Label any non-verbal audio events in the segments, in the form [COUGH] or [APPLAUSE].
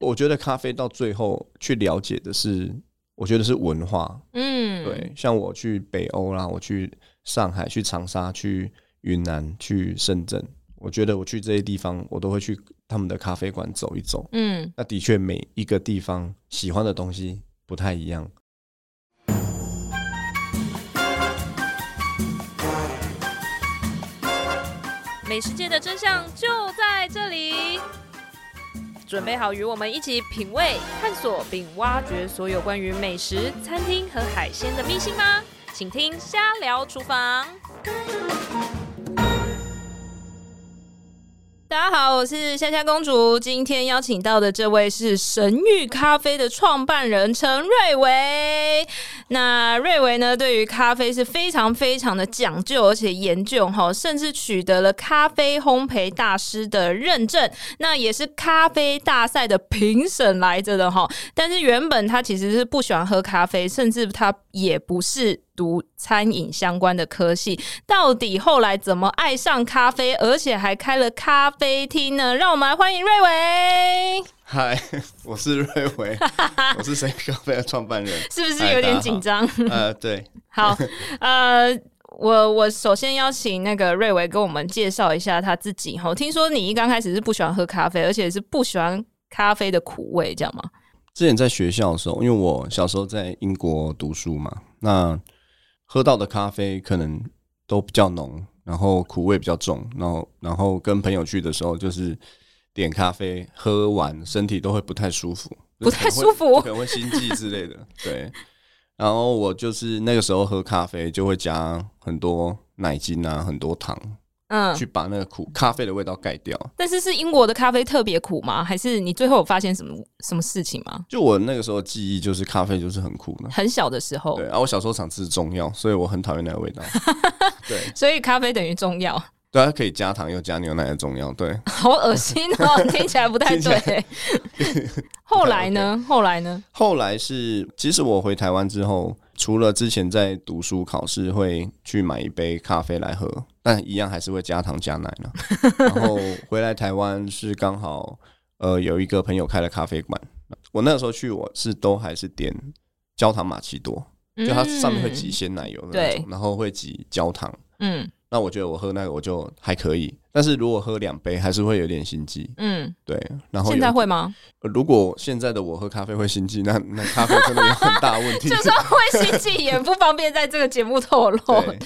我覺得咖啡到最後去了解的是，我覺得是文化。嗯，對，像我去北歐啦，我去上海、去長沙、去雲南、去深圳，我覺得我去這些地方，我都會去他們的咖啡館走一走。嗯，那的確每一個地方喜歡的東西不太一樣。美食界的真相就在這裡。準備好與我們一起品味、探索並挖掘所有關於美食、餐廳和海鮮的祕辛嗎？請聽《瞎聊廚房》。大家好，我是夏夏公主。今天邀請到的這位是神域咖啡的創辦人陳瑞維。那瑞維呢，對於咖啡是非常非常的講究，而且研究哈，甚至取得了咖啡烘焙大師的認證。那也是咖啡大賽的評審來着的哈。但是原本他其實是不喜歡喝咖啡，甚至他也不是。讀餐飲相關的科系，到底後來怎麼愛上咖啡，而且還開了咖啡廳呢？讓我們來歡迎叡維。嗨，我是叡維， [LAUGHS] 我是神諭咖啡的創辦人，是不是有點緊張？呃， [LAUGHS] uh, 對，好，呃，我我首先邀請那個叡維跟我們介紹一下他自己。哈，聽說你一剛開始是不喜歡喝咖啡，而且是不喜歡咖啡的苦味，這樣嗎？之前在學校的時候，因為我小時候在英國讀書嘛，那。喝到的咖啡可能都比較濃，然後苦味比較重，然後然後跟朋友去的時候就是點咖啡喝完身體都會不太舒服，不太舒服，可能，可能會心悸之類的。 [LAUGHS] 對，然後我就是那個時候喝咖啡就會加很多奶精啊，很多糖。嗯，去把那個苦咖啡的味道蓋掉。但是是英國的咖啡特別苦嗎？還是你最後有發現什麼什麼事情嗎？就我那個時候記憶，就是咖啡就是很苦呢。很小的時候，對啊，我小時候常吃中藥，所以我很討厭那個味道。 [LAUGHS] 對，所以咖啡等於中藥。對，可以加糖，又加牛奶的中藥。對，好惡心哦， [LAUGHS] 聽起來不太對。後來呢？後來呢？後來是，其實我回台灣之後。除了之前在讀書考試會去買一杯咖啡來喝，但一樣還是會加糖加奶呢。 [LAUGHS] 然後回來台灣是剛好呃有一個朋友開了咖啡館，我那個時候去，我是都還是點焦糖瑪奇朵，嗯、就它上面會擠鮮奶油，對，然後會擠焦糖，嗯。那我覺得我喝那個我就還可以，但是如果喝兩杯還是會有點心悸。嗯，對。然後現在會嗎？如果現在的我喝咖啡會心悸，那那咖啡真的有很大問題。 [LAUGHS] 就算會心悸也不方便在這個節目透露。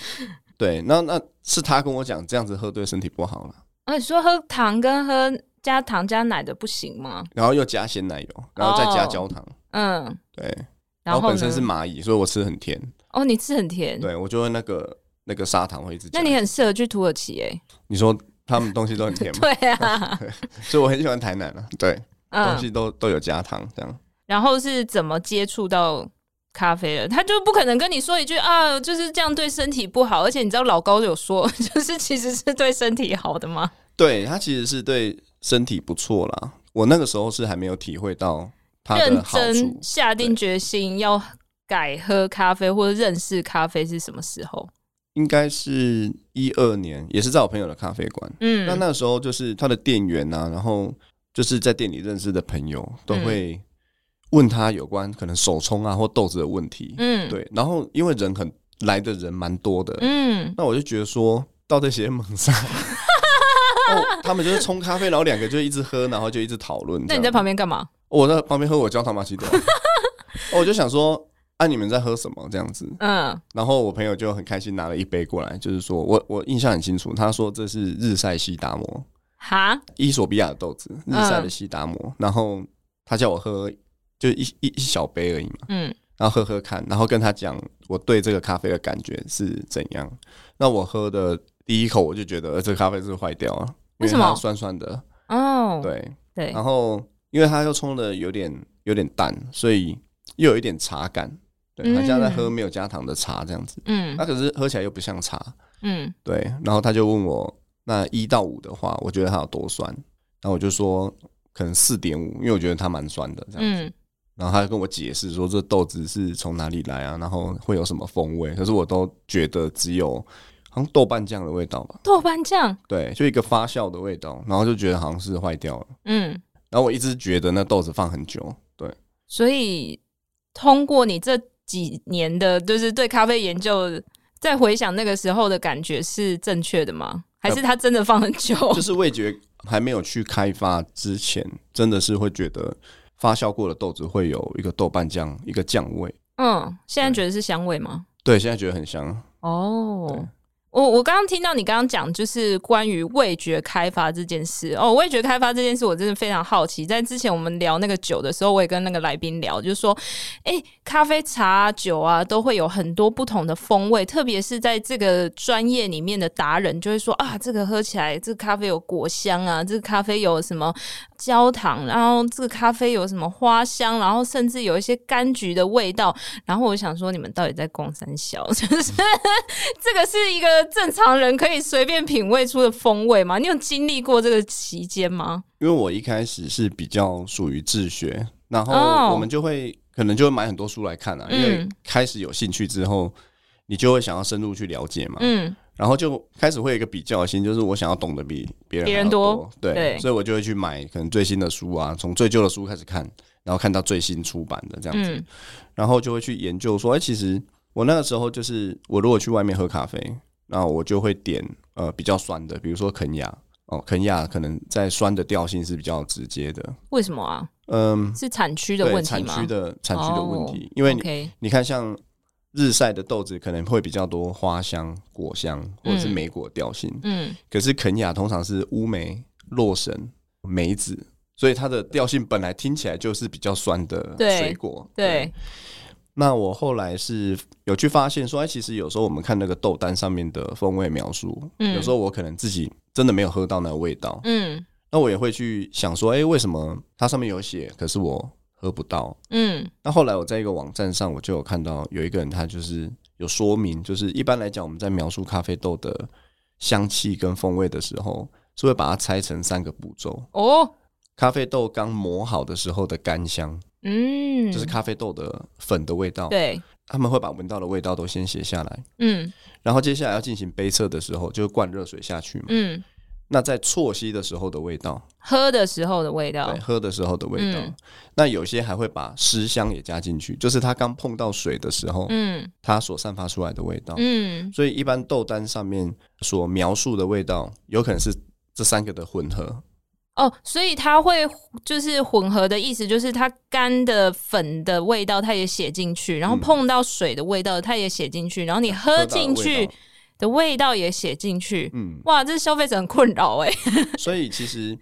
[LAUGHS] 對，對，那那是他跟我講這樣子喝對身體不好了。啊，你說喝糖跟喝加糖加奶的不行嗎？然後又加鮮奶油，然後再加焦糖。Oh, 對嗯，對。然後本身是螞蟻，嗯、所以我吃很甜。哦，oh, 你吃很甜？對，我就那個。那個砂糖會自己，那你很適合去土耳其哎。你說他們東西都很甜嗎？ [LAUGHS] 對啊， [LAUGHS] 所以我很喜歡台南啊。對，嗯、東西都都有加糖這樣。然後是怎麼接觸到咖啡的？他就不可能跟你說一句啊，就是這樣對身體不好。而且你知道老高有說，就是其實是對身體好的嗎？對，他其實是對身體不錯啦。我那個時候是還沒有體會到他認真下定決心要改喝咖啡對或者認識咖啡是什麼時候？應該是一二年，也是在我朋友的咖啡館。嗯，那那時候就是他的店員啊，然後就是在店裡認識的朋友都會問他有關可能手沖啊或豆子的問題。嗯，對。然後因為人很來的人蠻多的。嗯，那我就覺得說到這些猛上、 [LAUGHS] 哦，他們就是沖咖啡，然後兩個就一直喝，然後就一直討論。那你在旁邊幹嘛？我在、哦、旁邊喝我焦糖瑪奇朵。我就想說。那、啊、你們在喝什麼？這樣子，嗯，然後我朋友就很開心，拿了一杯過來，就是說我我印象很清楚，他說這是日曬西達摩，哈，伊索比亞的豆子，日曬的西達摩。然後他叫我喝，就一一一小杯而已嘛，嗯，然後喝喝看，然後跟他講我對這個咖啡的感覺是怎樣。那我喝的第一口，我就覺得這個咖啡是壞掉了，為什麼？酸酸的，哦，對對，然後因為它又沖得有點有點淡，所以又有一點茶感。對，他現在喝沒有加糖的茶這樣子，嗯，他、啊、可是喝起來又不像茶，嗯，對。然後他就問我，那一到五的話，我覺得它有多酸？然後我就說可能四點五，因為我覺得它蠻酸的這樣子。嗯、然後他跟我解釋說這豆子是從哪裡來啊？然後會有什麼風味？可是我都覺得只有好像豆瓣醬的味道吧，豆瓣醬，對，就一個發酵的味道。然後就覺得好像是壞掉了，嗯。然後我一直覺得那豆子放很久，對。所以通過你這。幾年的，就是對咖啡研究，再回想那個時候的感覺是正確的嗎？還是它真的放很久？呃，就是味覺還沒有去開發之前，真的是會覺得發酵過的豆子會有一個豆瓣醬一個醬味。嗯，現在覺得是香味嗎？對，現在覺得很香哦。Oh. 我我剛剛聽到你剛剛講，就是關於味覺開發這件事哦。味覺開發這件事，我真的非常好奇。在之前我們聊那個酒的時候，我也跟那個來賓聊，就是說，誒、欸，咖啡、茶、酒啊，都會有很多不同的風味。特別是在這個專業裡面的達人，就會說啊，這個喝起來，這個咖啡有果香啊，這個咖啡有什麼。焦糖，然後這個咖啡有什麼花香，然後甚至有一些柑橘的味道。然後我想說，你們到底在逛三小？就 [LAUGHS] 是這個是一個正常人可以隨便品味出的風味嗎？你有經歷過這個期間嗎？因為我一開始是比較屬於自學，然後我們就會、哦、可能就會買很多書來看啊。因為開始有興趣之後，嗯、你就會想要深入去了解嘛。嗯。然後就開始會有一個比較心，就是我想要懂得比別人,別人多，對，對所以我就會去買可能最新的書啊，從最舊的書開始看，然後看到最新出版的這樣子，嗯、然後就會去研究說，哎、欸，其實我那個時候就是我如果去外面喝咖啡，那我就會點呃比較酸的，比如說肯亞哦，肯亞可能在酸的調性是比較直接的，為什麼啊？嗯、呃，是產區的問題嗎？產區的產區的問題，哦、因為你 okay 你看像。日曬的豆子可能會比較多花香、果香，或者是莓果調性嗯。嗯，可是肯亞通常是烏梅、洛神、梅子，所以它的調性本來聽起來就是比較酸的水果。對，對那我後來是有去發現說，哎，其實有時候我們看那個豆單上面的風味描述，嗯、有時候我可能自己真的沒有喝到那個味道。嗯，那我也會去想說，哎、欸，為什麼它上面有寫，可是我。喝不到，嗯。那後來我在一個網站上，我就有看到有一個人，他就是有說明，就是一般來講，我們在描述咖啡豆的香氣跟風味的時候，是會把它拆成三個步驟哦。咖啡豆剛磨好的時候的乾香，嗯，就是咖啡豆的粉的味道，對。他們會把聞到的味道都先寫下來，嗯。然後接下來要進行杯測的時候，就是灌熱水下去嘛，嗯。那在啜吸的時候的味道，喝的時候的味道，喝的時候的味道，對，喝的時候的味道。那有些還會把濕香也加進去，就是它剛碰到水的時候，嗯，它所散發出來的味道，嗯。所以一般豆單上面所描述的味道，有可能是這三個的混合。哦，所以它會就是混合的意思，就是它乾的粉的味道它也寫進去，然後碰到水的味道它也寫進去，嗯、然後你喝進去。嗯的味道也寫進去，嗯，哇，這消費者很困擾哎。 [LAUGHS] 所以其實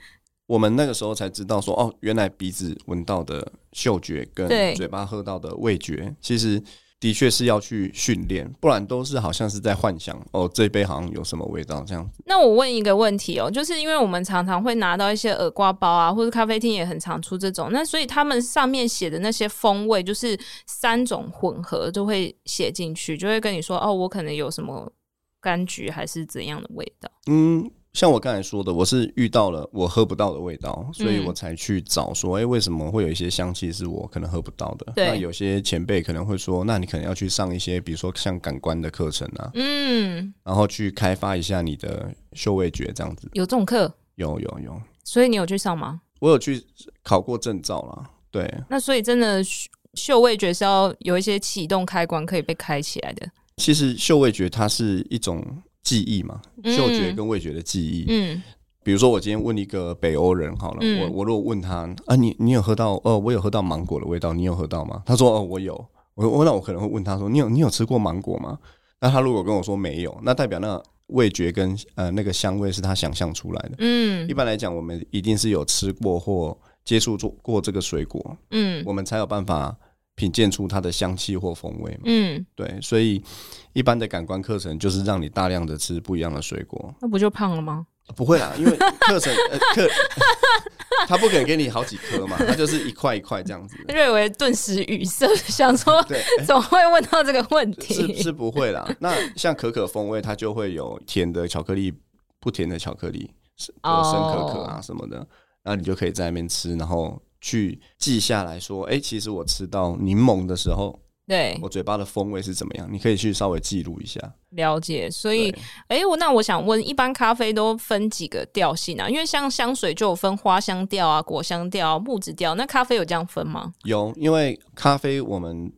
我們那個時候才知道說，哦，原來鼻子聞到的嗅覺跟嘴巴喝到的味覺，對其實的確是要去訓練，不然都是好像是在幻想。哦，這一杯好像有什麼味道這樣。那我問一個問題哦，就是因為我們常常會拿到一些耳掛包啊，或者咖啡廳也很常出這種，那所以他們上面寫的那些風味就是三種混合，就會寫進去，就會跟你說，哦，我可能有什麼。柑橘還是怎樣的味道？嗯，像我剛才說的，我是遇到了我喝不到的味道，所以我才去找說，哎、嗯欸，為什麼會有一些香氣是我可能喝不到的？對那有些前輩可能會說，那你可能要去上一些，比如說像感官的課程啊，嗯，然後去開發一下你的嗅味覺，這樣子。有這種課？有有有，所以你有去上嗎？我有去考過證照啦。對。那所以真的嗅味覺是要有一些啟動開關可以被開起來的。其實嗅味覺它是一種記憶嘛，嗯、嗅覺跟味覺的記憶。嗯，比如說我今天問一個北歐人好了，嗯、我我如果問他啊，你你有喝到哦，我有喝到芒果的味道，你有喝到嗎？他說哦，我有。我我那我可能會問他說，你有你有吃過芒果嗎？那他如果跟我說沒有，那代表那味覺跟呃那個香味是他想象出來的。嗯，一般來講，我們一定是有吃過或接觸過過這個水果，嗯，我們才有辦法。品鑑出它的香氣或風味嘛？嗯，對，所以一般的感官課程就是讓你大量的吃不一樣的水果，那、啊、不就胖了嗎、啊？不會啦，因為課程課他、 [LAUGHS] 呃、不肯給你好幾顆嘛，他就是一塊一塊這樣子的。叡維頓時語塞，想說對，總、欸、會問到這個問題。是是不會啦，那像可可風味，它就會有甜的巧克力、不甜的巧克力、生可可啊什麼的，那、哦、你就可以在那邊吃，然後。去記下來說，哎、欸，其實我吃到檸檬的時候，對我嘴巴的風味是怎麼樣？你可以去稍微記錄一下。了解，所以，哎對，我、欸、那我想問，一般咖啡都分幾個調性啊？因為像香水就有分花香調啊、果香調、啊、木質調，那咖啡有這樣分嗎？有，因為咖啡我們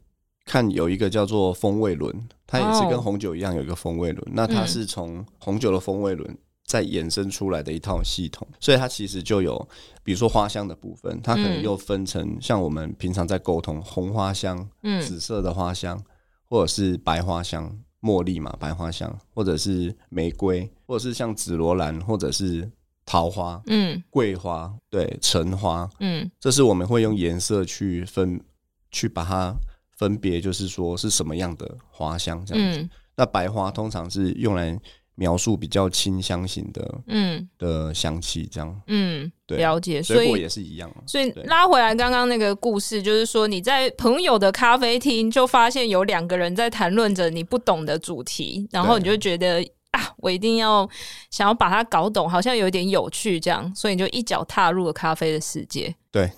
看有一個叫做風味輪，它也是跟紅酒一樣有一個風味輪，哦、那它是從紅酒的風味輪。嗯再衍生出來的一套系統，所以它其實就有，比如說花香的部分，它可能又分成像我們平常在溝通紅花香，嗯，紫色的花香，或者是白花香，茉莉嘛，白花香，或者是玫瑰，或者是像紫羅蘭，或者是桃花，嗯，桂花，對，橙花，嗯，這是我們會用顏色去分，去把它分別，就是說是什麼樣的花香這樣子。嗯，那白花通常是用來描述比較清香型的，嗯，的香氣這樣，嗯，對，了解。水果也是一樣，所以拉回來剛剛那個故事，就是說你在朋友的咖啡廳就發現有兩個人在談論着你不懂的主題，然後你就覺得對啊，我一定要想要把它搞懂，好像有一點有趣這樣，所以你就一腳踏入了咖啡的世界。對，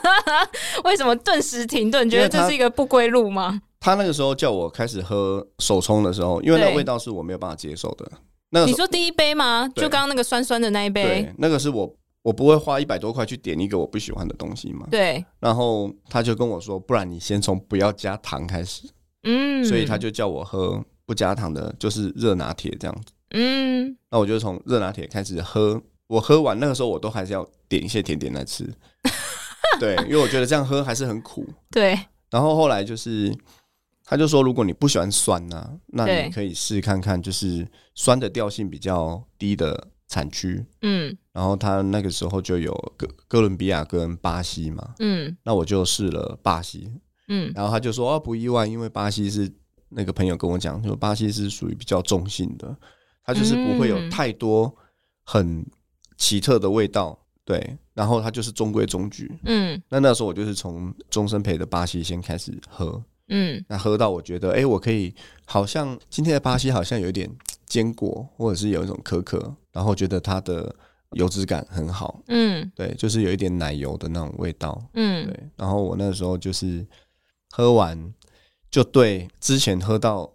[LAUGHS] 為什麼頓時停頓？你覺得這是一個不歸路嗎？他那個時候叫我開始喝手沖的時候，因為那個味道是我沒有辦法接受的。對那你說第一杯嗎？對就剛剛那個酸酸的那一杯？對，那個是我我不會花一百多塊去點一個我不喜歡的東西嘛。對。然後他就跟我說，不然你先從不要加糖開始。嗯。所以他就叫我喝不加糖的，就是熱拿鐵這樣子。嗯。那我就從熱拿鐵開始喝。我喝完那個時候，我都還是要點一些甜點來吃。 [LAUGHS] 對，因為我覺得這樣喝還是很苦。對。然後後來就是。他就說：“如果你不喜歡酸、啊、那你可以試看看，就是酸的調性比較低的產區。嗯，然後他那個時候就有哥哥倫比亞跟巴西嘛。嗯，那我就試了巴西。嗯，然後他就說：哦，不意外，因為巴西是那個朋友跟我講，就巴西是屬於比較中性的，它就是不會有太多很奇特的味道。嗯、對，然後它就是中規中矩。嗯，那那時候我就是從中深焙的巴西先開始喝。”嗯，那喝到我覺得，哎、欸，我可以好像今天的巴西好像有一點堅果，或者是有一種可可，然後覺得它的油脂感很好。嗯，對，就是有一點奶油的那種味道。嗯，對。然後我那時候就是喝完，就對之前喝到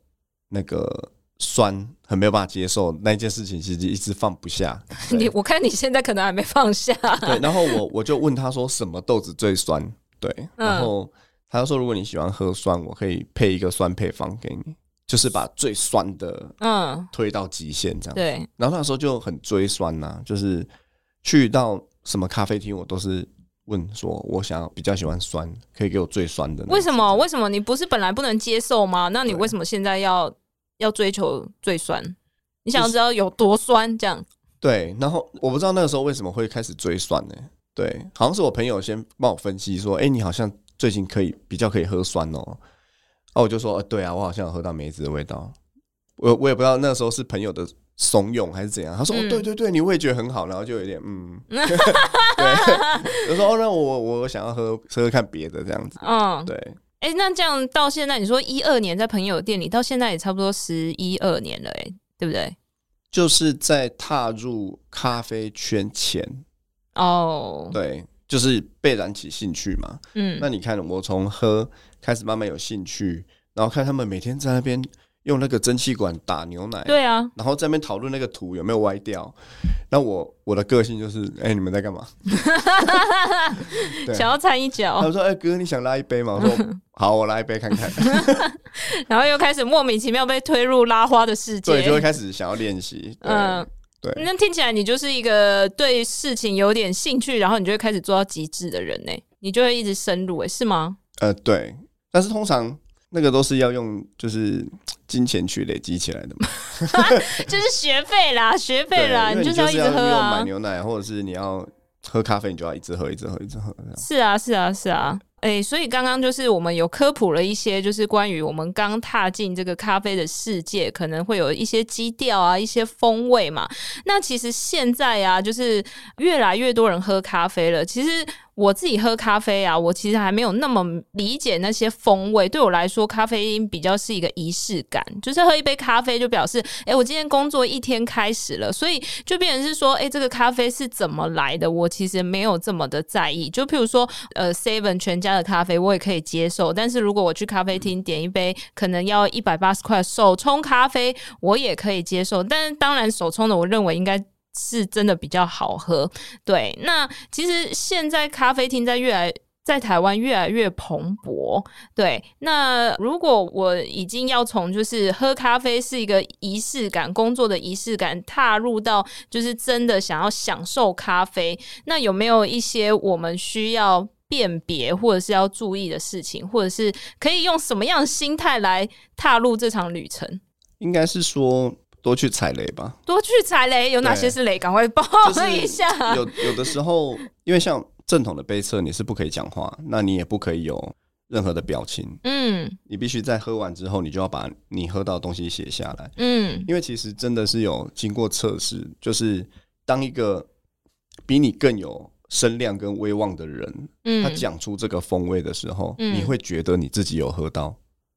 那個酸很沒有辦法接受那件事情，其實一直放不下。你，我看你現在可能還沒放下。對，然後我我就問他說什麼豆子最酸？對，然後。嗯。他說：“如果你喜歡喝酸，我可以配一個酸配方給你，就是把最酸的嗯推到極限這樣。嗯”對。然後那時候就很追酸吶、啊，就是去到什麼咖啡廳，我都是問說：“我想要比較喜歡酸，可以給我最酸的？”為什麼？為什麼你不是本來不能接受嗎？那你為什麼現在要對要追求最酸？你想要知道有多酸？這樣、就是。對。然後我不知道那個時候為什麼會開始追酸呢、欸？對，好像是我朋友先幫我分析說：“哎、欸，你好像。”最近可以比較可以喝酸哦、喔，哦、啊、我就說、欸、對啊，我好像有喝到梅子的味道，我我也不知道那時候是朋友的慫恿還是怎樣。他說、嗯、哦，對對對，你味覺很好，然後就有點嗯， [LAUGHS] [LAUGHS] [LAUGHS] 對，有時候、哦、那我我想要喝喝，喝看別的這樣子，嗯、哦，對。哎、欸，那這樣到現在，你說一二年在朋友店裡，到現在也差不多十一二年了、欸，哎，對不對？就是在踏入咖啡圈前哦，對。就是被燃起興趣嘛，嗯，那你看我從喝開始慢慢有興趣，然後看他們每天在那邊用那個蒸汽管打牛奶，對啊，然後在那邊討論那個圖有沒有歪掉，那我我的個性就是，哎、欸，你們在幹嘛？ [LAUGHS] [LAUGHS] 對想要摻一腳。他說，哎、欸、哥，你想拉一杯嗎？我說好，我拉一杯看看。 [LAUGHS] [LAUGHS] 然後又開始莫名其妙被推入拉花的世界，對，就會開始想要練習，嗯。呃對那聽起來你就是一個對事情有點興趣，然後你就會開始做到極致的人呢？你就會一直深入，哎，是嗎？呃，對，但是通常那個都是要用就是金錢去累積起來的嘛， [LAUGHS] 就是學費啦，學費啦，對你就是要一直喝啊。你要買牛奶或者是你要喝咖啡，你就要一直喝，一直喝，一直喝，一直喝。是啊，是啊，是啊。誒、欸，所以剛剛就是我們有科普了一些，就是關於我們剛踏進這個咖啡的世界，可能會有一些基調啊，一些風味嘛。那其實現在啊，就是越來越多人喝咖啡了，其實。我自己喝咖啡啊，我其實還沒有那麼理解那些風味。對我來說，咖啡因比較是一個儀式感，就是喝一杯咖啡就表示，誒，我今天工作一天開始了。所以就變成是說，誒，這個咖啡是怎麼來的？我其實沒有這麼的在意。就譬如說，呃，seven 全家的咖啡我也可以接受，但是如果我去咖啡廳點一杯，可能要一百八十塊手沖咖啡，我也可以接受。但是當然，手沖的我認為應該。是真的比較好喝，對。那其實現在咖啡廳在越來在台灣越來越蓬勃，對。那如果我已經要從就是喝咖啡是一個儀式感，工作的儀式感，踏入到就是真的想要享受咖啡，那有沒有一些我們需要辨別或者是要注意的事情，或者是可以用什麼樣的心態來踏入這場旅程？應該是說。多去踩雷吧！多去踩雷，有哪些是雷？趕對快報一下。有有的時候，因為像正統的杯測，你是不可以講話，那你也不可以有任何的表情。嗯，你必須在喝完之後，你就要把你喝到的東西寫下來。嗯，因為其實真的是有經過測試，就是當一個比你更有聲量跟威望的人，嗯，他講出這個風味的時候，嗯，你會覺得你自己有喝到。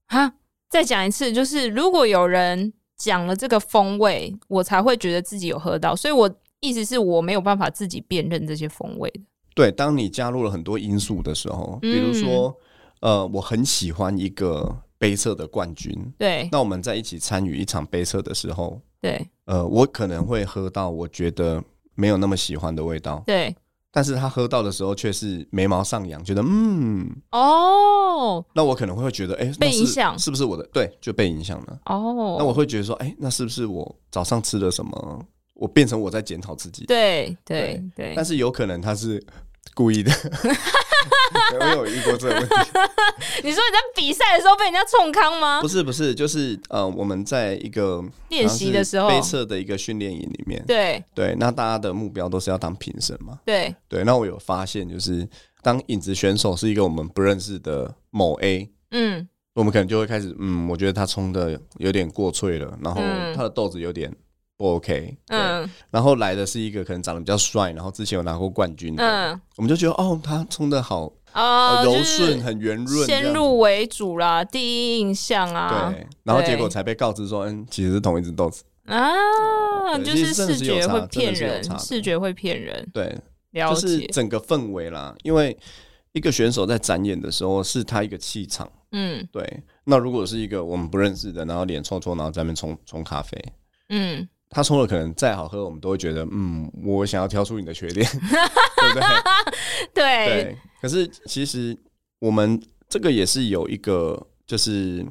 啊，再講一次，就是如果有人。講了這個風味，我才會覺得自己有喝到，所以我意思是我沒有辦法自己辨認這些風味。對，當你加入了很多因素的時候，嗯、比如說，呃，我很喜歡一個杯測的冠軍，對，那我們在一起參與一場杯測的時候，對，呃，我可能會喝到我覺得沒有那麼喜歡的味道，對。但是他喝到的時候，卻是眉毛上揚，覺得嗯，哦，那我可能會覺得，哎、欸，被影響，是不是我的？對，就被影響了。哦，那我會覺得說，哎、欸，那是不是我早上吃了什麼，我變成我在檢討自己。對，對，對，對。但是有可能他是，故意的， [LAUGHS] [LAUGHS] 沒有遇過這個問題。 [LAUGHS] 你說你在比賽的時候被人家沖康嗎？不是不是，就是呃，我們在一個練習的，的時候，杯測的一個訓練營裡面。對對，那大家的目標都是要當評審嘛。對對，那我有發現，就是當影子選手是一個我們不認識的某 A，嗯，我們可能就會開始，嗯，我覺得他沖得有點過萃了，然後他的豆子有點。不 OK，嗯，然後來的是一個可能長得比較帥，然後之前有拿過冠軍的，嗯，我們就覺得哦，他沖的好，哦、柔順、呃，很圓潤，先入為主啦，第一印象啊，對，然後結果才被告知說，嗯，其實是同一隻豆子啊，對就是視覺是會騙人，視覺會騙人，對，了解，就是整個氛圍啦，因為一個選手在展演的時候是他一個氣場，嗯，對，那如果是一個我們不認識的，然後臉臭臭，然後在那沖沖咖啡，嗯。他沖了可能再好喝，我們都會覺得，嗯，我想要挑出你的缺點，對不對？對。對。可是其實我們這個也是有一個就是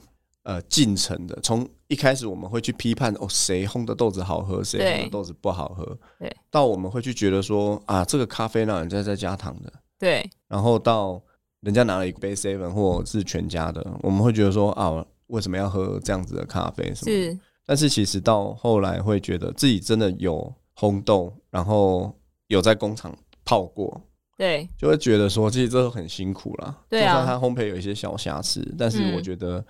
呃進程的，從一開始我們會去批判哦，誰烘的豆子好喝，誰烘的豆子不好喝，對。到我們會去覺得說啊，這個咖啡呢人家在加糖的，對。然後到人家拿了一杯 seven 或是全家的，我們會覺得說啊，為什麼要喝這樣子的咖啡？是不是？但是其實到後來會覺得自己真的有烘豆，然後有在工廠泡過，對，就會覺得說這些都很辛苦啦。對啊，就算它烘焙有一些小瑕疵，但是我覺得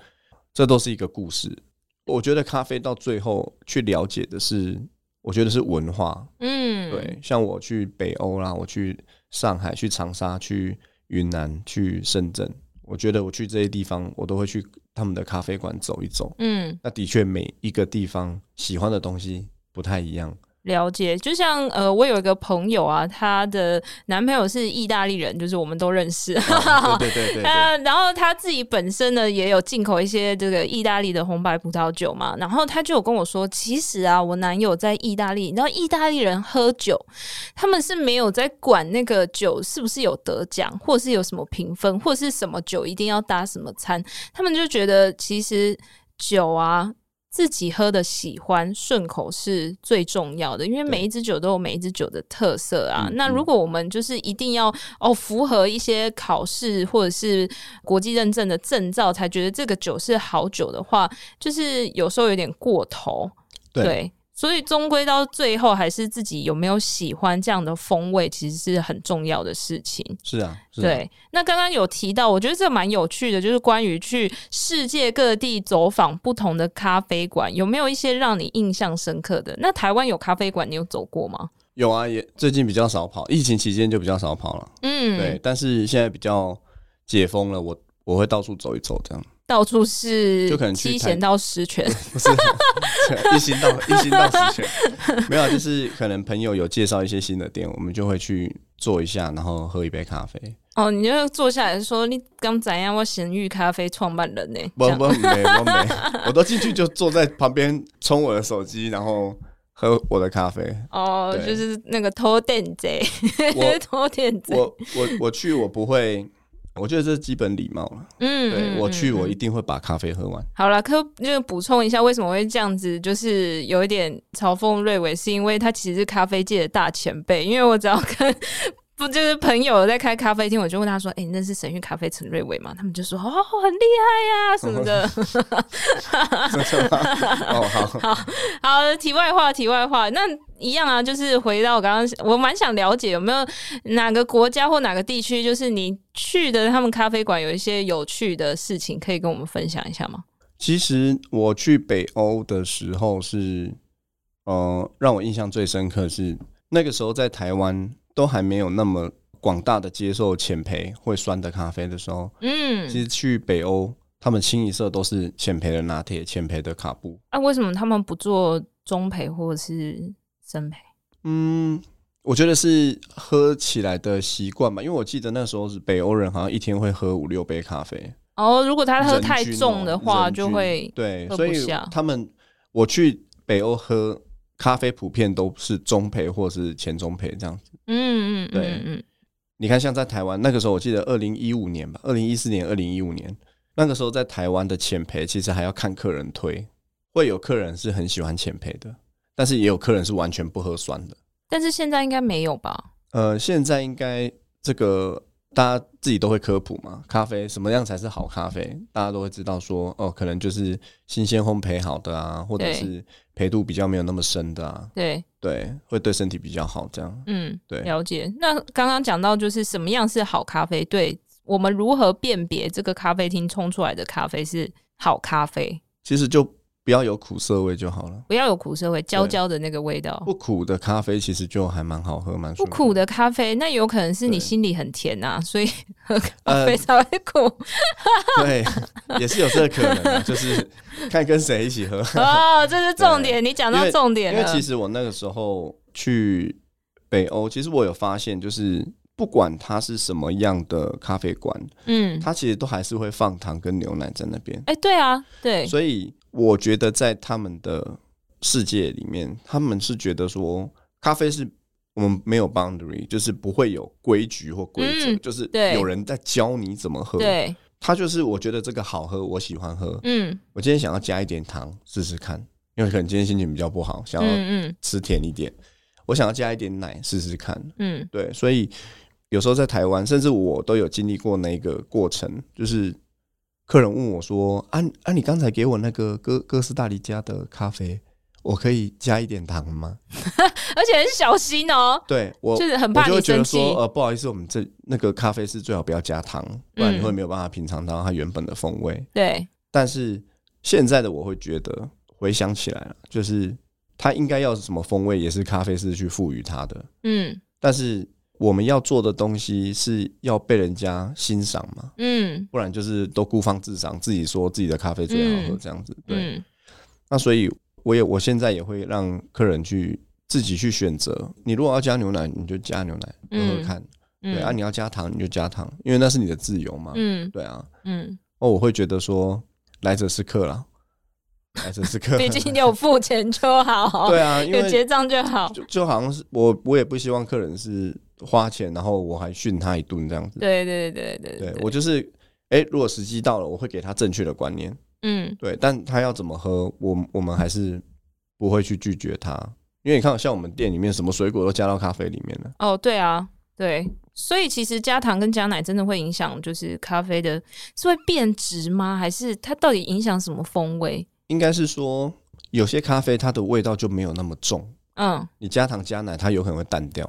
這都是一個故事。嗯，我覺得咖啡到最後去了解的是，我覺得是文化。嗯，對，像我去北歐啦，我去上海、去長沙、去雲南、去深圳，我覺得我去這些地方，我都會去。他們的咖啡館走一走，嗯，那的確每一個地方喜歡的東西不太一樣。了解，就像呃，我有一個朋友啊，她的男朋友是意大利人，就是我們都認識。對對對。啊，然後他自己本身呢，也有進口一些這個意大利的紅白葡萄酒嘛，然後他就有跟我說，其實啊，我男友在意大利，然後意大利人喝酒，他們是沒有在管那個酒是不是有得獎，或是有什麼評分，或是什麼酒一定要搭什麼餐，他們就覺得其實酒啊，自己喝的喜歡順口是最重要的，因為每一支酒都有每一支酒的特色啊。對那如果我們就是一定要哦符合一些考試或者是國際認證的證照，才覺得這個酒是好酒的話，就是有時候有點過頭，對。對所以終歸到最後，還是自己有沒有喜歡這樣的風味，其實是很重要的事情。是啊。是啊，對。那剛剛有提到，我覺得這蠻有趣的，就是關於去世界各地走訪不同的咖啡館，有沒有一些讓你印象深刻的？那台灣有咖啡館，你有走過嗎？有啊，也最近比較少跑，疫情期間就比較少跑了。嗯，對。但是現在比較解封了，我我會到處走一走，這樣。到處是七賢到十全， [LAUGHS] 不是一心到一心到十全， [LAUGHS] 沒有，就是可能朋友有介紹一些新的店，我們就會去坐一下，然後喝一杯咖啡。哦，你就坐下來說，你剛才要我神諭咖啡創辦人呢？不不，沒我沒， [LAUGHS] 我都進去就坐在旁邊充我的手機，然後喝我的咖啡。哦，對就是那個偷電賊，偷電賊。我我我去，我不會。我覺得這是基本禮貌了。嗯，嗯，嗯，嗯，對我去我一定會把咖啡喝完。好啦，可就補充一下，為什麼會這樣子，就是有一點嘲諷叡維，是因為他其實是咖啡界的大前輩，因為我只要跟。 [LAUGHS] 不就是朋友在開咖啡廳，我就問他說：“哎、欸，那是神諭咖啡陳叡維嗎？”他們就說：“哦，很厲害呀、啊，什麼的。 [LAUGHS] 哦”好好好，題外話，題外話，那一樣啊，就是回到我剛剛，我蠻想了解有沒有哪個國家或哪個地區，就是你去的他們咖啡館有一些有趣的事情，可以跟我們分享一下嗎？其實我去北歐的時候是，呃，讓我印象最深刻是那個時候在台灣。都還沒有那麼廣大的接受淺焙，會酸的咖啡的時候，嗯，其實去北歐，他們清一色都是淺焙的拿鐵、淺焙的卡布。那、啊、為什麼他們不做中焙或是深焙？嗯，我覺得是喝起來的習慣吧。因為我記得那時候是北歐人好像一天會喝五六杯咖啡。哦，如果他喝太重的話，人均，人均，就會，對，所以他們我去北歐喝咖啡，普遍都是中焙或是前中焙這樣子。嗯嗯，嗯，對，你看，像在台灣那個時候，我記得二零一五年吧，二零一四年、二零一五年那個時候，在台灣的淺焙其實還要看客人推，會有客人是很喜歡淺焙的，但是也有客人是完全不喝酸的。但是現在應該沒有吧？呃，現在應該這個。大家自己都會科普嘛，咖啡什麼樣才是好咖啡？大家都會知道說，哦，可能就是新鮮烘焙好的啊，或者是焙度比較沒有那麼深的啊。對對，會對身體比較好這樣。嗯，對，了解。那剛剛講到就是什麼樣是好咖啡，對我們如何辨別這個咖啡廳沖出來的咖啡是好咖啡？其實就。不要有苦澀味就好了。不要有苦澀味，焦焦的那個味道，不苦的咖啡其實就還蠻好喝，蠻不苦的咖啡。那有可能是你心裡很甜啊，對所以喝咖啡、呃、咖啡才會苦。對，也是有這個可能、啊， [LAUGHS] 就是看跟誰一起喝。哦，這是重點。對你講到重點，因，因為其實我那個時候去北歐，其實我有發現，就是不管它是什麼樣的咖啡館，嗯，它其實都還是會放糖跟牛奶在那邊。哎、欸，對啊，對，所以。我覺得在他們的世界裡面，他們是覺得說咖啡是我們沒有 boundary，就是不會有規矩或規則，嗯、就是有人在教你怎麼喝。對，他就是我覺得這個好喝，我喜歡喝。嗯，我今天想要加一點糖試試看，因為可能今天心情比較不好，想要吃甜一點。嗯嗯，我想要加一點奶試試看。嗯，對，所以有時候在台灣，甚至我都有經歷過那個過程，就是。客人問我說：“啊啊，你剛才給我那個哥哥斯大黎加的咖啡，我可以加一點糖嗎？” [LAUGHS] 而且很小心哦、喔。對，我就是很怕你，就會覺得說，呃，不好意思，我們這那個咖啡是最好不要加糖，不然你會沒有辦法品嘗到它原本的風味。對、嗯，但是現在的我會覺得，回想起來了，就是它應該要是什麼風味，也是咖啡師去賦予它的。嗯，但是。我們要做的東西是要被人家欣賞嘛？嗯，不然就是都孤芳自賞，自己說自己的咖啡最好喝這樣子。嗯、對，嗯、那所以我也我現在也會讓客人去自己去選擇。你如果要加牛奶，你就加牛奶，喝喝看。嗯嗯、對啊，你要加糖，你就加糖，因為那是你的自由嘛。嗯，對啊。嗯，哦，我會覺得說來者是客啦，來者是客，畢竟 [LAUGHS] 有付錢就好。 [LAUGHS] 對啊，有結賬就好。就就好像是我，我也不希望客人是。花錢，然後我還訓他一頓，這樣子。對對對對對，對，對。我就是，哎，如果時機到了，我會給他正確的觀念。嗯，對。但他要怎麼喝，我我們還是不會去拒絕他，因為你看，像我們店裡面什麼水果都加到咖啡裡面了。哦，對啊，對。所以其實加糖跟加奶真的會影響，就是咖啡的是會變質嗎？還是它到底影響什麼風味？應該是說，有些咖啡它的味道就沒有那麼重。嗯，你加糖加奶，它有可能會淡掉。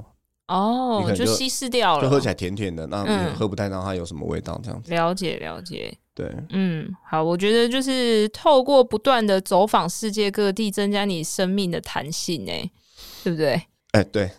哦，oh, 就稀釋掉了，就喝起來甜甜的，那喝不太到它有什麼味道，這樣子，嗯。了解了解，對，嗯，好，我覺得就是透過不斷的走訪世界各地，增加你生命的彈性，哎，對不對？哎、欸，對。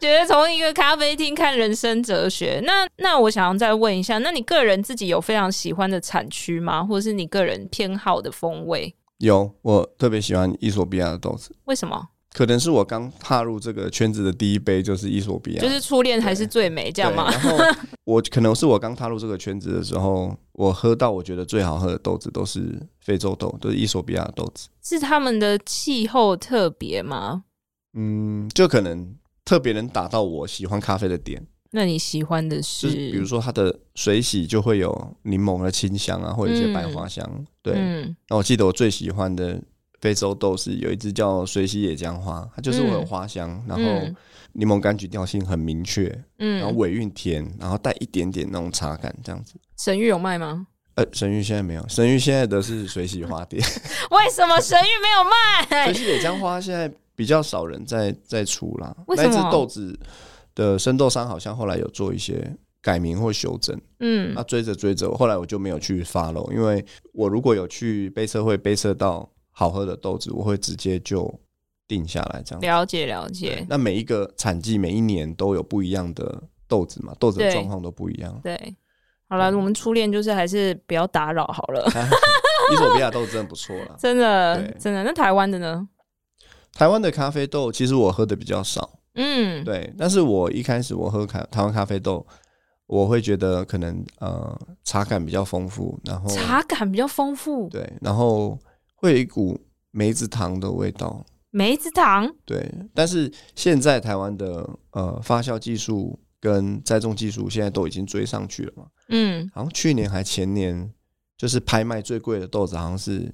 覺得從一個咖啡廳看人生哲學，那那我想要再問一下，那你個人自己有非常喜歡的產區嗎？或者是你個人偏好的風味？有，我特別喜歡伊索比亞的豆子。為什麼？可能是我剛踏入這個圈子的第一杯就是伊索比亞，就是初戀才是最美，對這樣嗎？然後我可能是我剛踏入這個圈子的時候， [LAUGHS] 我喝到我覺得最好喝的豆子都是非洲豆，都、就是伊索比亞的豆子。是他們的氣候特別嗎？嗯，就可能特別能打到我喜歡咖啡的點。那你喜歡的是，比如說它的水洗就會有檸檬的清香啊，或者一些白花香。嗯、對，那、嗯、我記得我最喜歡的。非洲豆是有一支叫水洗野薑花，它就是會有花香，嗯、然後檸檬柑橘調性很明確，嗯，然後尾韻甜，然後帶一點點那種茶感這樣子。神諭有賣嗎？呃，神諭現在沒有，神諭現在的是水洗花蝶。 [LAUGHS] 為什麼神諭沒有賣？水洗野薑花現在比較少人在在出啦。為什麼？那支豆子的生豆商好像後來有做一些改名或修正，嗯，那、啊、追着追着，後來我就沒有去 follow，因為我如果有去背社會背社到。好喝的豆子，我會直接就定下來這樣了。了解了解。那每一個產季，每一年都有不一樣的豆子嘛？豆子的狀況都不一樣。對，對，好了，嗯、我們初戀就是還是不要打擾好了。伊 [LAUGHS] 索 [LAUGHS] 比亞豆子真的不錯了，真的對真的。那台灣的呢？台灣的咖啡豆，其實我喝的比較少。嗯，對。但是我一開始我喝台台灣咖啡豆，我會覺得可能呃茶感比較豐富，然後茶感比較豐富。對，然後。會有一股梅子糖的味道。梅子糖，對。但是現在台灣的呃發酵技術跟栽種技術現在都已經追上去了嘛？嗯。然後去年還前年就是拍賣最貴的豆子，好像是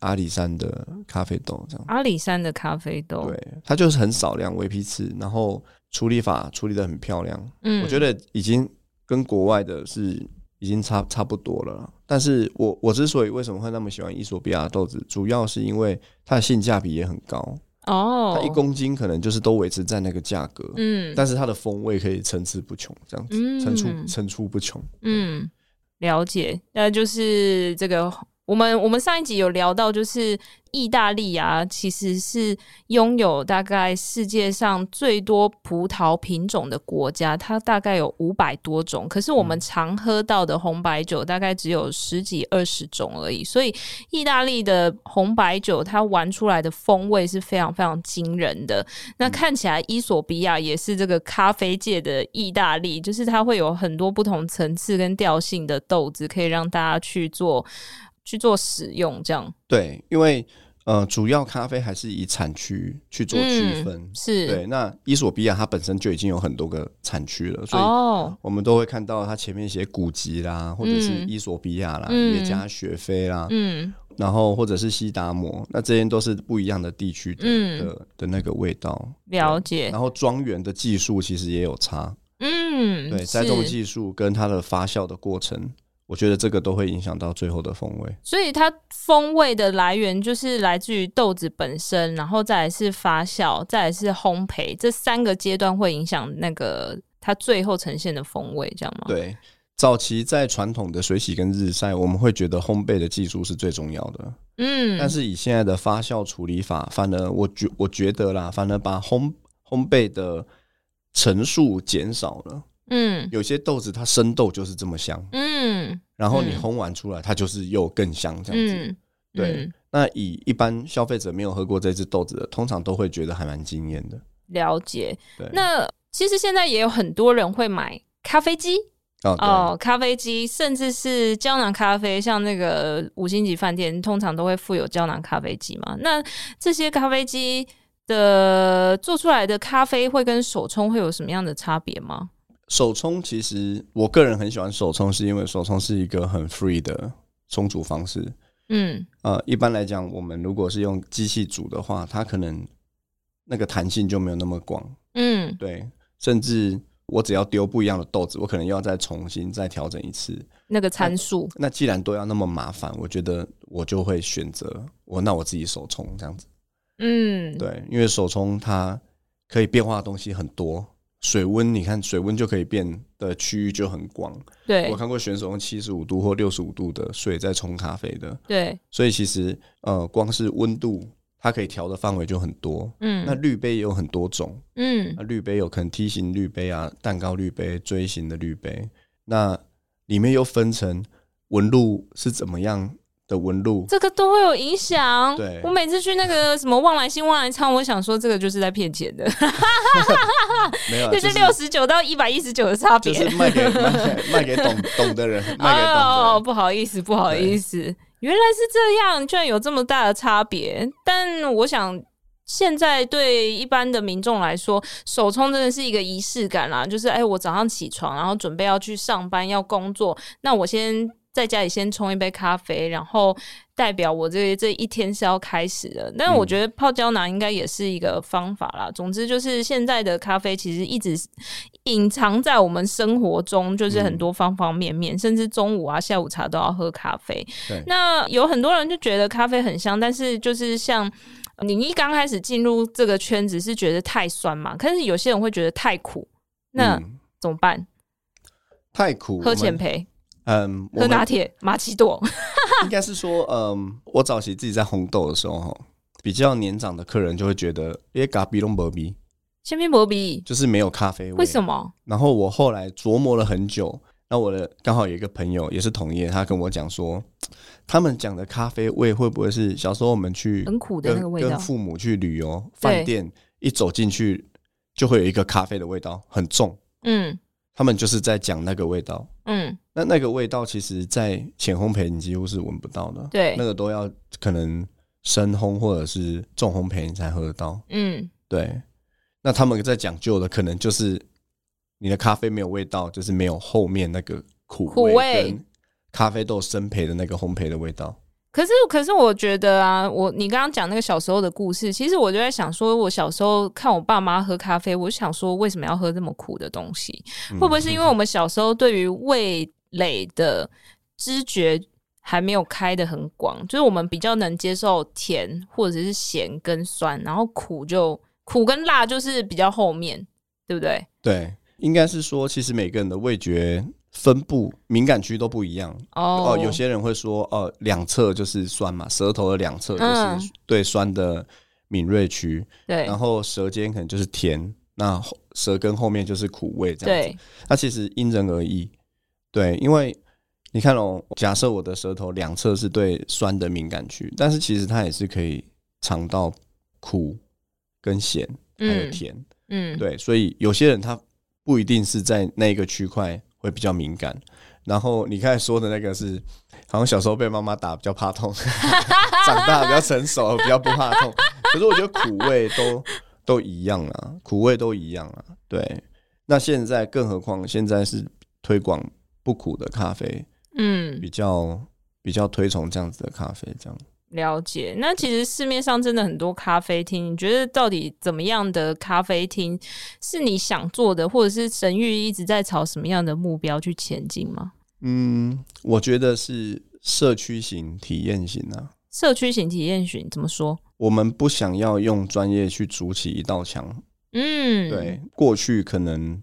阿里山的咖啡豆這樣。阿里山的咖啡豆。對，它就是很少量、微批次，然後處理法處理得很漂亮。嗯。我覺得已經跟國外的是。已經差差不多了，但是我我之所以為什麼會那麼喜歡伊索比亞豆子，主要是因為它的性價比也很高哦，oh. 它一公斤可能就是都維持在那個價格，嗯，但是它的風味可以層出不窮這樣子，層出嗯，層出不窮，嗯，了解，那就是這個。我們我們上一集有聊到，就是意大利啊，其實是擁有大概世界上最多葡萄品種的國家，它大概有五百多種。可是我們常喝到的紅白酒大概只有十幾二十種而已。所以意大利的紅白酒它玩出來的風味是非常非常驚人的。那看起來，伊索比亞也是這個咖啡界的意大利，就是它會有很多不同層次跟調性的豆子，可以讓大家去做。去做使用這樣，對，因為呃，主要咖啡還是以產區去做區分，嗯、是對。那伊索比亞它本身就已經有很多個產區了，哦、所以我們都會看到它前面寫古吉啦，或者是伊索比亞啦，耶、嗯、加雪菲啦，嗯，然後或者是西達摩，那這些都是不一樣的地區的、嗯、的那個味道，了解。然後莊園的技術其實也有差，嗯，對，是栽種技術跟它的發酵的過程。我覺得這個都會影響到最後的風味，所以它風味的來源就是來自於豆子本身，然後再來是發酵，再來是烘焙這三個階段會影響那個它最後呈現的風味，這樣嗎？對，早期在傳統的水洗跟日曬，我們會覺得烘焙的技術是最重要的，嗯，但是以現在的發酵處理法，反而我覺我覺得啦，反而把烘烘焙的層數減少了。嗯，有些豆子它生豆就是這麼香，嗯，然後你烘完出來它就是又更香這樣子，嗯、對。嗯、那以一般消費者沒有喝過這支豆子的，通常都會覺得還蠻驚豔的。了解，對。那其實現在也有很多人會買咖啡機，哦，哦，咖啡機，甚至是膠囊咖啡，像那個五星級飯店通常都會附有膠囊咖啡機嘛。那這些咖啡機的做出來的咖啡會跟手沖會有什麼樣的差別嗎？手沖其實我個人很喜歡手沖，是因為手沖是一個很 free 的沖煮方式。嗯，呃，一般來講，我們如果是用機器煮的話，它可能那個彈性就沒有那麼廣。嗯，對，甚至我只要丟不一樣的豆子，我可能又要再重新再調整一次那個參數。那既然都要那麼麻煩，我覺得我就會選擇我，那我自己手沖這樣子。嗯，對，因為手沖它可以變化的東西很多。水溫，你看水溫就可以變的區域就很廣。對。我看過選手用七十五度或六十五度的水在沖咖啡的。對，所以其實呃，光是溫度它可以調的範圍就很多。嗯，那濾杯也有很多種。嗯，那濾杯有可能梯形濾杯啊，蛋糕濾杯、錐形的濾杯，那裡面又分成紋路是怎麼樣？的紋路，這個都會有影響。對，我每次去那個什麼望來新望來倉，我想說這個就是在騙錢的， [LAUGHS] [LAUGHS] 沒有，就是六十九到一百一十九的差別，就是賣給， [LAUGHS] 賣，給，賣，給賣給懂懂的人，賣給懂的人哦哦哦。不好意思，不好意思，對原來是這樣，居然有這麼大的差別。但我想，現在對一般的民眾來說，手沖真的是一個儀式感啦，就是哎、欸，我早上起床，然後準備要去上班要工作，那我先。在家裡先沖一杯咖啡，然後代表我這這一天是要開始的。但我覺得泡膠囊應該也是一個方法啦。嗯、總之，就是現在的咖啡其實一直隱藏在我們生活中，就是很多方方面面，嗯、甚至中午啊、下午茶都要喝咖啡。對那有很多人就覺得咖啡很香，但是就是像你一剛開始進入這個圈子，是覺得太酸嘛？可是有些人會覺得太苦，那怎麼辦？太苦，喝淺焙。嗯，我的拿鐵馬奇朵，應該是說，嗯，我早期自己在紅豆的時候，比較年長的客人就會覺得，因為咖啡隆伯比，千就是沒有咖啡味，為什麼？然後我後來琢磨了很久，那我的剛好有一個朋友也是同業，他跟我講說，他們講的咖啡味會不會是小時候我們去跟，很苦的那個味道，跟父母去旅遊，飯店對一走進去就會有一個咖啡的味道，很重，嗯，他們就是在講那個味道。嗯，那那個味道其實，在淺烘焙你幾乎是聞不到的，對，那個都要可能深烘或者是重烘焙你才喝得到。嗯，對，那他們在講究的可能就是你的咖啡沒有味道，就是沒有後面那個苦味，跟咖啡豆生焙的那個烘焙的味道。可是，可是我覺得啊，我你剛剛講那個小時候的故事，其實我就在想說，我小時候看我爸媽喝咖啡，我就想說，為什麼要喝這麼苦的東西？會不會是因為我們小時候對於味蕾的知覺還沒有開得很廣？就是我們比較能接受甜或者是鹹跟酸，然後苦就苦跟辣就是比較後面對不對？對，應該是說，其實每個人的味覺。分佈敏感區都不一樣哦、oh. 呃。有些人會說，呃，兩側就是酸嘛，舌頭的兩側就是對酸的敏銳區。對，uh. 然後舌尖可能就是甜，那舌根後面就是苦味這樣子。那對其實因人而異，對，因為你看哦，假設我的舌頭兩側是對酸的敏感區，但是其實它也是可以嘗到苦跟鹹還有甜。嗯，嗯對，所以有些人他不一定是在那一個區塊。會比較敏感，然後你剛才說的那個是，好像小時候被媽媽打比較怕痛， [LAUGHS] 長大比較成熟 [LAUGHS] 比較不怕痛，可是我覺得苦味都都一樣啊，苦味都一樣啊，對，那現在更何況現在是推廣不苦的咖啡，嗯，比較比較推崇這樣子的咖啡這樣。了解，那其實市面上真的很多咖啡廳，你覺得到底怎麼樣的咖啡廳是你想做的，或者是神諭一直在朝什麼樣的目標去前進嗎？嗯，我覺得是社區型、體驗型啊。社區型、體驗型，怎麼說？我們不想要用專業去築起一道牆。嗯，對，過去可能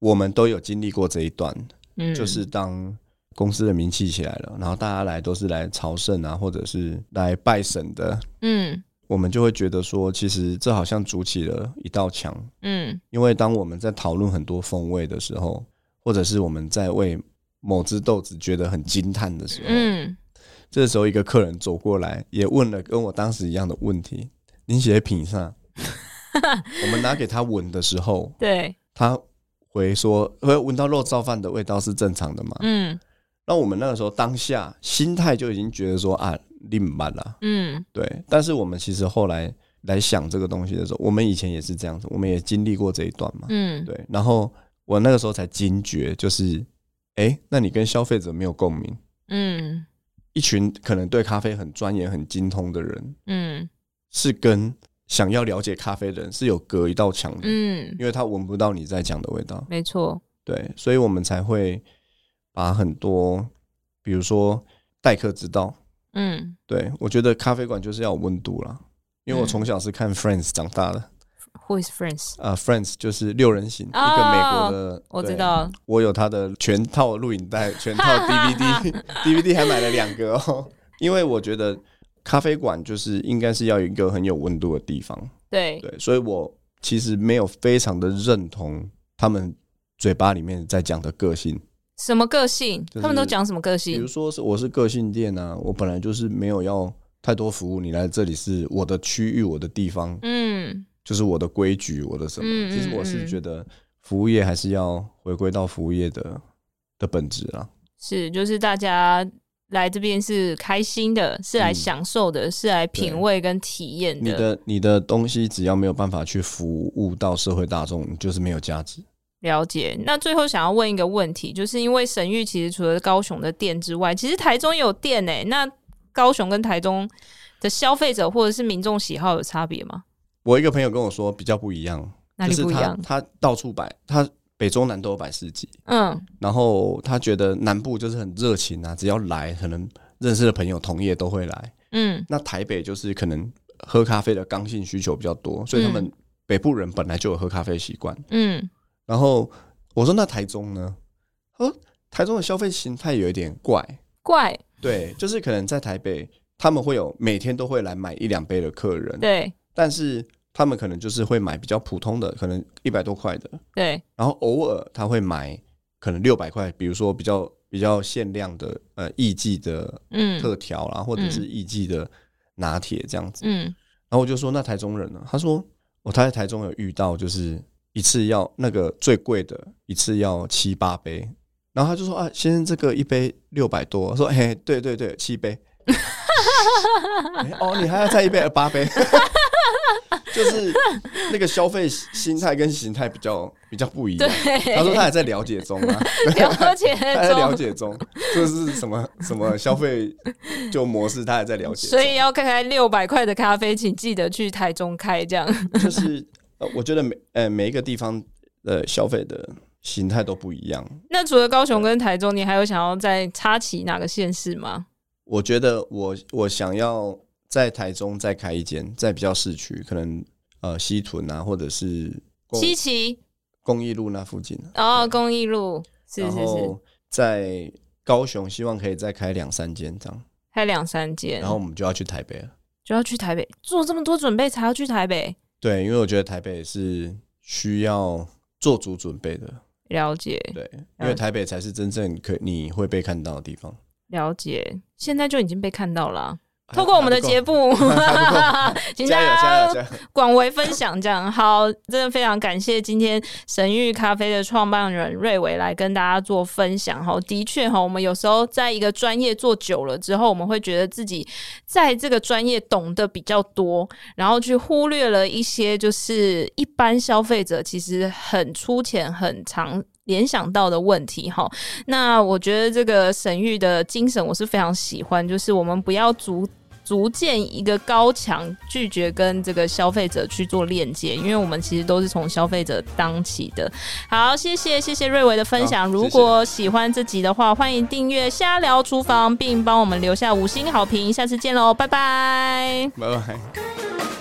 我們都有經歷過這一段，嗯，就是當。公司的名氣起來了，然後大家來都是來朝聖啊，或者是來拜神的。嗯，我們就會覺得說，其實這好像築起了一道牆。嗯，因為當我們在討論很多風味的時候，或者是我們在為某隻豆子覺得很驚嘆的時候，嗯，這時候一個客人走過來，也問了跟我當時一樣的問題：“您是在品啥？ [LAUGHS] ”我們拿給他聞的時候， [LAUGHS] 對，他回說：“會聞到肉燥飯的味道是正常的嗎？”嗯。那我們那個時候當下心態就已經覺得說，啊你滿啦，嗯，對。但是我們其實後來來想這個東西的時候，我們以前也是這樣子，我們也經歷過這一段嘛，嗯，對。然後我那個時候才驚覺，就是，哎、欸，那你跟消費者沒有共鳴，嗯，一群可能對咖啡很專業很精通的人，嗯，是跟想要了解咖啡的人是有隔一道牆的，嗯，因為他聞不到你在講的味道，沒錯，對，所以我們才會。把很多，比如說待客之道，嗯，對，我覺得咖啡館就是要有溫度啦，嗯、因為我從小是看 Friends 長大的，Who is Friends 啊、uh,，Friends 就是六人行，oh, 一個美國的，我知道，我有他的全套錄影帶，全套 DVD，DVD [LAUGHS] 還買了兩個哦，因為我覺得咖啡館就是應該是要一個很有溫度的地方，對對，所以我其實沒有非常的認同他們嘴巴裡面在講的個性。什麼個性？就是、他們都講什麼個性？比如說是我是個性店啊，我本來就是沒有要太多服務，你來這裡是我的區域，我的地方，嗯，就是我的規矩，我的什麼？嗯嗯嗯。其實我是覺得服務業還是要回歸到服務業的的本質啊。是，就是大家來這邊是開心的，是來享受的，嗯、是來品味跟體驗的。你的你的東西只要沒有辦法去服務到社會大眾，就是沒有價值。了解，那最後想要問一個問題，就是因為神諭其實除了高雄的店之外，其實台中有店呢、欸。那高雄跟台中的消費者或者是民眾喜好有差別嗎？我一個朋友跟我說比較不一樣，哪裡不一樣？就是他，他到處擺，他北中南都有擺市集，嗯。然後他覺得南部就是很熱情啊，只要來，可能認識的朋友同業都會來，嗯。那台北就是可能喝咖啡的剛性需求比較多，所以他們北部人本來就有喝咖啡習慣、嗯，嗯。然後我說：“那台中呢、啊？台中的消費心態有一點怪怪，對，就是可能在台北，他們會有每天都會來買一兩杯的客人，對，但是他們可能就是會買比較普通的，可能一百多塊的，對。然後偶爾他會買可能六百塊，比如說比較比較限量的，呃，藝妓的特調啦，嗯、或者是藝妓的拿鐵這樣子，嗯。然後我就說：那台中人呢？他說：我他在台中有遇到，就是。”一次要那個最貴的，一次要七八杯，然後他就說啊，先生這個一杯六百多，說嘿、欸、對對對，七杯 [LAUGHS] 欸，哦，你還要再一杯八杯， [LAUGHS] 就是那個消費心態跟形態比較比較不一樣。他說他還在了解中啊，了解 [LAUGHS] 他在了解中，就是什麼什麼消費就模式，他還在了解， [LAUGHS] 所以要開開六百塊的咖啡，請記得去台中開，這樣就是。呃，我覺得每呃、欸、每一個地方呃消費的形態都不一樣。那除了高雄跟台中，對你還有想要再插旗哪個縣市嗎？我覺得我我想要在台中再開一間，在比較市區，可能呃西屯啊，或者是西旗齊。公益路那附近哦。公益對路是是是在高雄，希望可以再開兩三間這樣，開兩三間，然後我們就要去台北了，就要去台北，做這麼多準備才要去台北。對，因為我覺得台北是需要做足準備的。了解，對，了解，因為台北才是真正可你會被看到的地方。了解，現在就已經被看到了啊。透過我們的節目，請大家廣為分享，這樣好。真的非常感謝今天神諭咖啡的創辦人叡維來跟大家做分享。哈，的確哈，我們有時候在一個專業做久了之後，我們會覺得自己在這個專業懂得比較多，然後去忽略了一些就是一般消費者其實很粗淺很常聯想到的問題。哈，那我覺得這個神諭的精神，我是非常喜歡，就是我們不要足。逐漸一個高牆，拒絕跟這個消費者去做鏈接，因為我們其實都是從消費者當起的。好，謝謝謝謝叡維的分享。謝謝。如果喜歡這集的話，歡迎訂閱《瞎聊廚房》，並幫我們留下五星好評。下次見嘍，拜拜，拜拜。